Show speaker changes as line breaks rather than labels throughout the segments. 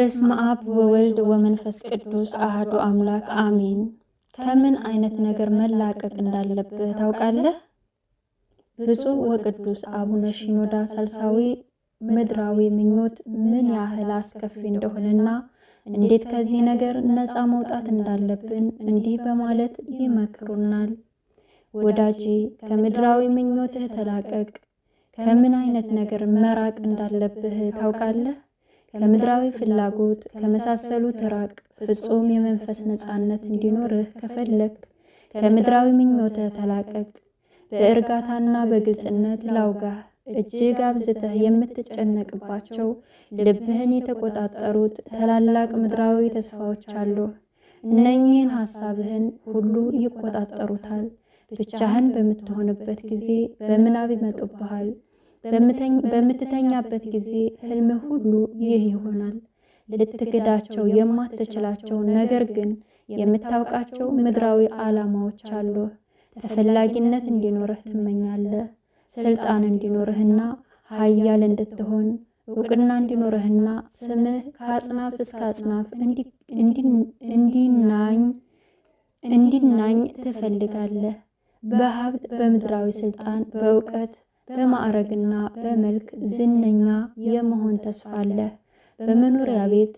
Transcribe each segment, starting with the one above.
በስመ አብ ወወልድ ወመንፈስ ቅዱስ አህዱ አምላክ አሜን። ከምን አይነት ነገር መላቀቅ እንዳለብህ ታውቃለህ? ብፁዕ ወቅዱስ አቡነ ሺኖዳ ሳልሳዊ ምድራዊ ምኞት ምን ያህል አስከፊ እንደሆነና እንዴት ከዚህ ነገር ነፃ መውጣት እንዳለብን እንዲህ በማለት ይመክሩናል። ወዳጄ ከምድራዊ ምኞትህ ተላቀቅ። ከምን አይነት ነገር መራቅ እንዳለብህ ታውቃለህ? ከምድራዊ ፍላጎት ከመሳሰሉት ራቅ። ፍጹም የመንፈስ ነፃነት እንዲኖርህ ከፈለግ ከምድራዊ ምኞትህ ተላቀቅ። በእርጋታና በግልጽነት ላውጋህ። እጅግ አብዝተህ የምትጨነቅባቸው ልብህን የተቆጣጠሩት ታላላቅ ምድራዊ ተስፋዎች አሉ። እነኚህን ሐሳብህን ሁሉ ይቆጣጠሩታል። ብቻህን በምትሆንበት ጊዜ በምናብ ይመጡብሃል። በምትተኛበት ጊዜ ህልም ሁሉ ይህ ይሆናል። ልትክዳቸው የማትችላቸው ነገር ግን የምታውቃቸው ምድራዊ ዓላማዎች አሉ ተፈላጊነት እንዲኖርህ ትመኛለህ። ስልጣን እንዲኖርህና ሀያል እንድትሆን እውቅና እንዲኖርህና ስምህ ከአጽናፍ እስከ አጽናፍ እንዲናኝ ትፈልጋለህ። በሀብት፣ በምድራዊ ስልጣን፣ በእውቀት በማዕረግና በመልክ ዝነኛ የመሆን ተስፋ አለ። በመኖሪያ ቤት፣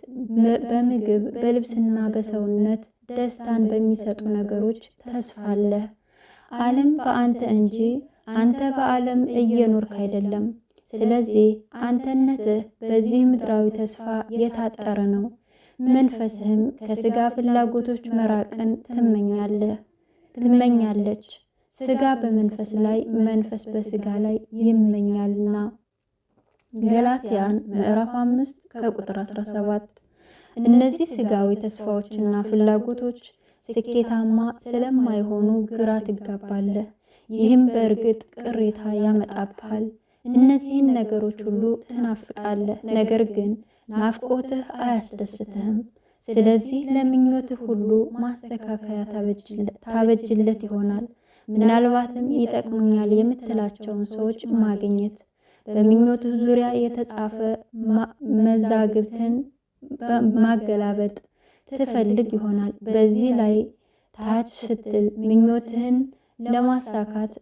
በምግብ በልብስና በሰውነት ደስታን በሚሰጡ ነገሮች ተስፋ አለ። ዓለም በአንተ እንጂ አንተ በዓለም እየኖርክ አይደለም። ስለዚህ አንተነትህ በዚህ ምድራዊ ተስፋ የታጠረ ነው። መንፈስህም ከስጋ ፍላጎቶች መራቅን ትመኛለህ ትመኛለች። ስጋ በመንፈስ ላይ መንፈስ በስጋ ላይ ይመኛልና። ገላትያን ምዕራፍ አምስት ከቁጥር 17 እነዚህ ስጋዊ ተስፋዎችና ፍላጎቶች ስኬታማ ስለማይሆኑ ግራ ትጋባለህ። ይህም በእርግጥ ቅሬታ ያመጣብሃል። እነዚህን ነገሮች ሁሉ ትናፍቃለህ፣ ነገር ግን ናፍቆትህ አያስደስትህም። ስለዚህ ለምኞትህ ሁሉ ማስተካከያ ታበጅለት ይሆናል። ምናልባትም ይጠቅሙኛል የምትላቸውን ሰዎች ማግኘት፣ በምኞቱ ዙሪያ የተጻፈ መዛግብትን ማገላበጥ ትፈልግ ይሆናል። በዚህ ላይ ታች ስትል ምኞትህን ለማሳካት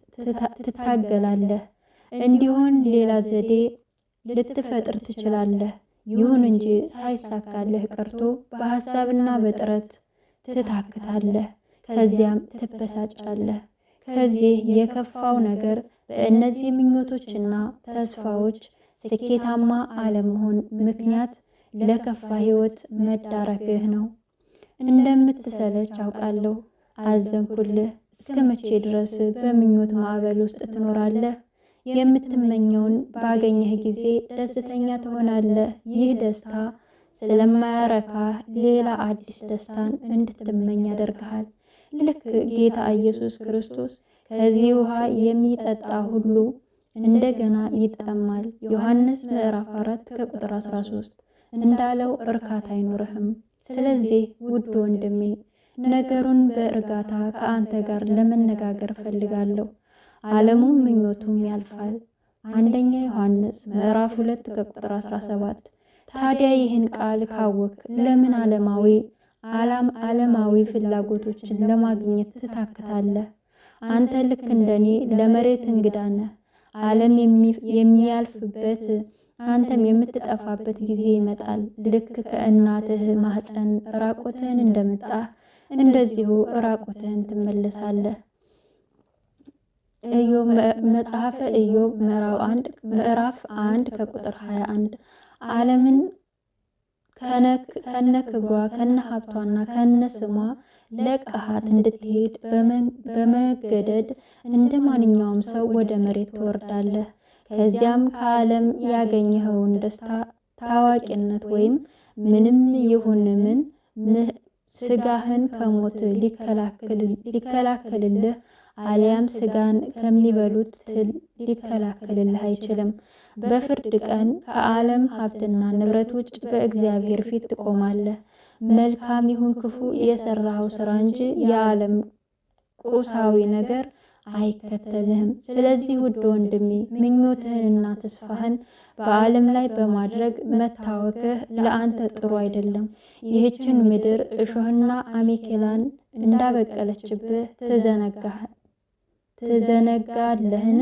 ትታገላለህ። እንዲሆን ሌላ ዘዴ ልትፈጥር ትችላለህ። ይሁን እንጂ ሳይሳካልህ ቀርቶ በሐሳብና በጥረት ትታክታለህ። ከዚያም ትበሳጫለህ። ከዚህ የከፋው ነገር በእነዚህ ምኞቶችና ተስፋዎች ስኬታማ አለመሆን ምክንያት ለከፋ ሕይወት መዳረግህ ነው። እንደምትሰለች አውቃለሁ። አዘንኩልህ። እስከ መቼ ድረስ በምኞት ማዕበል ውስጥ ትኖራለህ? የምትመኘውን ባገኘህ ጊዜ ደስተኛ ትሆናለህ። ይህ ደስታ ስለማያረካ ሌላ አዲስ ደስታን እንድትመኝ ያደርግሃል። ልክ ጌታ ኢየሱስ ክርስቶስ ከዚህ ውሃ የሚጠጣ ሁሉ እንደገና ይጠማል ዮሐንስ ምዕራፍ 4 ከቁጥር 13 እንዳለው እርካታ አይኖርህም። ስለዚህ ውድ ወንድሜ ነገሩን በእርጋታ ከአንተ ጋር ለመነጋገር ፈልጋለሁ። ዓለሙም ምኞቱም ያልፋል። አንደኛ ዮሐንስ ምዕራፍ 2 ከቁጥር 17። ታዲያ ይህን ቃል ካወቅ ለምን ዓለማዊ አላም ዓለማዊ ፍላጎቶችን ለማግኘት ትታክታለህ። አንተ ልክ እንደኔ ለመሬት እንግዳ ነህ። ዓለም የሚያልፍበት አንተም የምትጠፋበት ጊዜ ይመጣል። ልክ ከእናትህ ማህፀን ራቆትህን እንደመጣ እንደዚሁ ራቆትህን ትመለሳለህ። ኢዮብ መጽሐፈ ኢዮብ ምዕራፍ አንድ ከቁጥር 21 ዓለምን ከነ ክብሯ ከነ ሀብቷና ከነ ስሟ ለቀሃት እንድትሄድ በመገደድ እንደ ማንኛውም ሰው ወደ መሬት ትወርዳለህ። ከዚያም ከዓለም ያገኘኸውን ደስታ፣ ታዋቂነት ወይም ምንም ይሁን ምን ስጋህን ከሞት ሊከላከልልህ አሊያም ስጋን ከሚበሉት ትል ሊከላከልልህ አይችልም። በፍርድ ቀን ከዓለም ሀብትና ንብረት ውጭ በእግዚአብሔር ፊት ትቆማለህ። መልካም ይሁን ክፉ የሰራኸው ስራ እንጂ የዓለም ቁሳዊ ነገር አይከተልህም። ስለዚህ ውድ ወንድሜ ምኞትህንና ተስፋህን በዓለም ላይ በማድረግ መታወክህ ለአንተ ጥሩ አይደለም። ይህችን ምድር እሾህና አሜኬላን እንዳበቀለችብህ ትዘነጋለህን?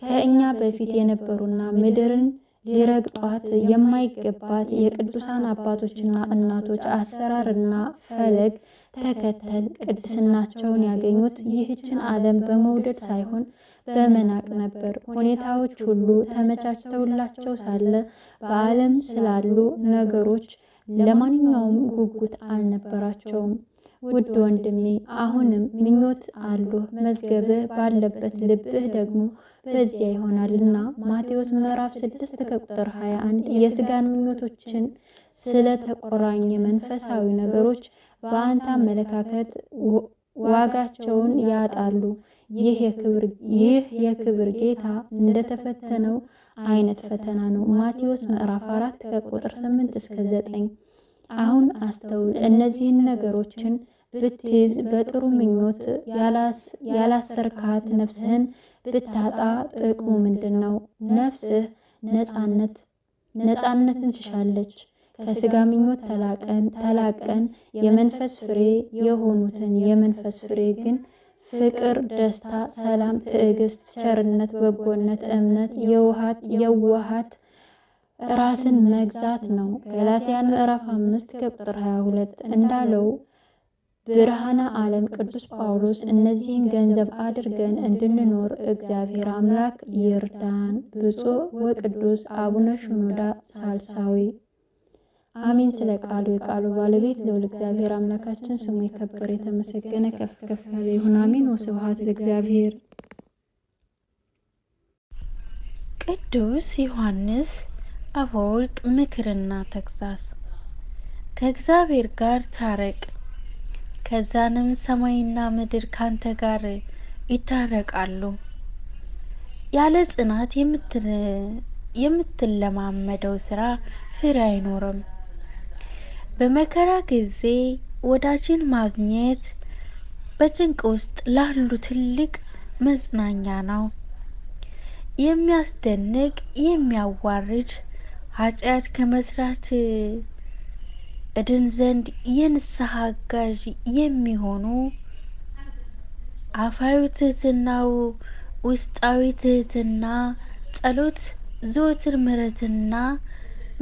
ከእኛ በፊት የነበሩና ምድርን ሊረግጧት የማይገባት የቅዱሳን አባቶችና እናቶች አሰራርና ፈለግ ተከተል ቅድስናቸውን ያገኙት ይህችን ዓለም በመውደድ ሳይሆን በመናቅ ነበር። ሁኔታዎች ሁሉ ተመቻችተውላቸው ሳለ በዓለም ስላሉ ነገሮች ለማንኛውም ጉጉት አልነበራቸውም። ውድ ወንድሜ፣ አሁንም ምኞት አሉ መዝገብህ ባለበት ልብህ ደግሞ በዚያ ይሆናልና። ማቴዎስ ምዕራፍ 6 ከቁጥር 21 የስጋን ምኞቶችን ስለ ተቆራኘ መንፈሳዊ ነገሮች በአንተ አመለካከት ዋጋቸውን ያጣሉ። ይህ የክብር ጌታ እንደተፈተነው አይነት ፈተና ነው። ማቴዎስ ምዕራፍ 4 ከቁጥር 8 እስከ 9። አሁን አስተውል። እነዚህን ነገሮችን ብትይዝ በጥሩ ምኞት ያላሰርካት ነፍስህን ብታጣ ጥቅሙ ምንድን ነው? ነፍስህ ነፃነት ነፃነትን ትሻለች። ከስጋ ምኞት ተላቀን ተላቀን የመንፈስ ፍሬ የሆኑትን የመንፈስ ፍሬ ግን ፍቅር፣ ደስታ፣ ሰላም፣ ትዕግስት፣ ቸርነት፣ በጎነት፣ እምነት፣ የውሃት የዋሃት ራስን መግዛት ነው። ገላትያን ምዕራፍ 5 ከቁጥር 22 እንዳለው ብርሃነ ዓለም ቅዱስ ጳውሎስ እነዚህን ገንዘብ አድርገን እንድንኖር እግዚአብሔር አምላክ ይርዳን። ብፁዕ ወቅዱስ አቡነ ሽኖዳ ሳልሳዊ አሜን። ስለ ቃሉ የቃሉ ባለቤት ልዑል እግዚአብሔር አምላካችን ስሙ የከበረ የተመሰገነ ከፍ ከፍ ያለ ይሁን። አሜን። ወስብሐት ለእግዚአብሔር።
ቅዱስ ዮሐንስ አፈወርቅ ምክርና ተግሳስ ከእግዚአብሔር ጋር ታረቅ ከዛንም ሰማይና ምድር ካንተ ጋር ይታረቃሉ። ያለ ጽናት የምትለማመደው ስራ ፍሬ አይኖርም። በመከራ ጊዜ ወዳጅን ማግኘት በጭንቅ ውስጥ ላሉ ትልቅ መጽናኛ ነው። የሚያስደንቅ የሚያዋርድ ኃጢአት ከመስራት እድል ዘንድ የንስሐ አጋዥ የሚሆኑ አፋዊ ትህትናው፣ ውስጣዊ ትህትና፣ ጸሎት፣ ዘወትር ምሕረትና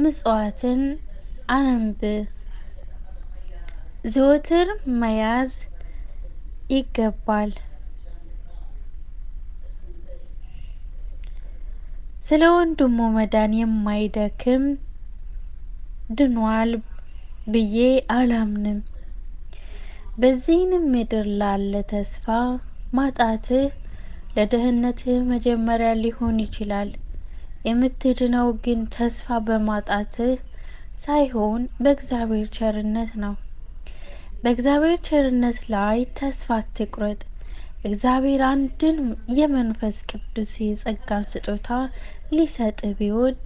ምጽዋትን አነንብ ዘወትር መያዝ ይገባል። ስለ ወንድሙ መዳን የማይደክም ድኗል ብዬ አላምንም። በዚህንም ምድር ላለ ተስፋ ማጣትህ ለድህነትህ መጀመሪያ ሊሆን ይችላል። የምትድነው ግን ተስፋ በማጣትህ ሳይሆን በእግዚአብሔር ቸርነት ነው። በእግዚአብሔር ቸርነት ላይ ተስፋ አትቁረጥ። እግዚአብሔር አንድን የመንፈስ ቅዱስ የጸጋን ስጦታ ሊሰጥ ቢወድ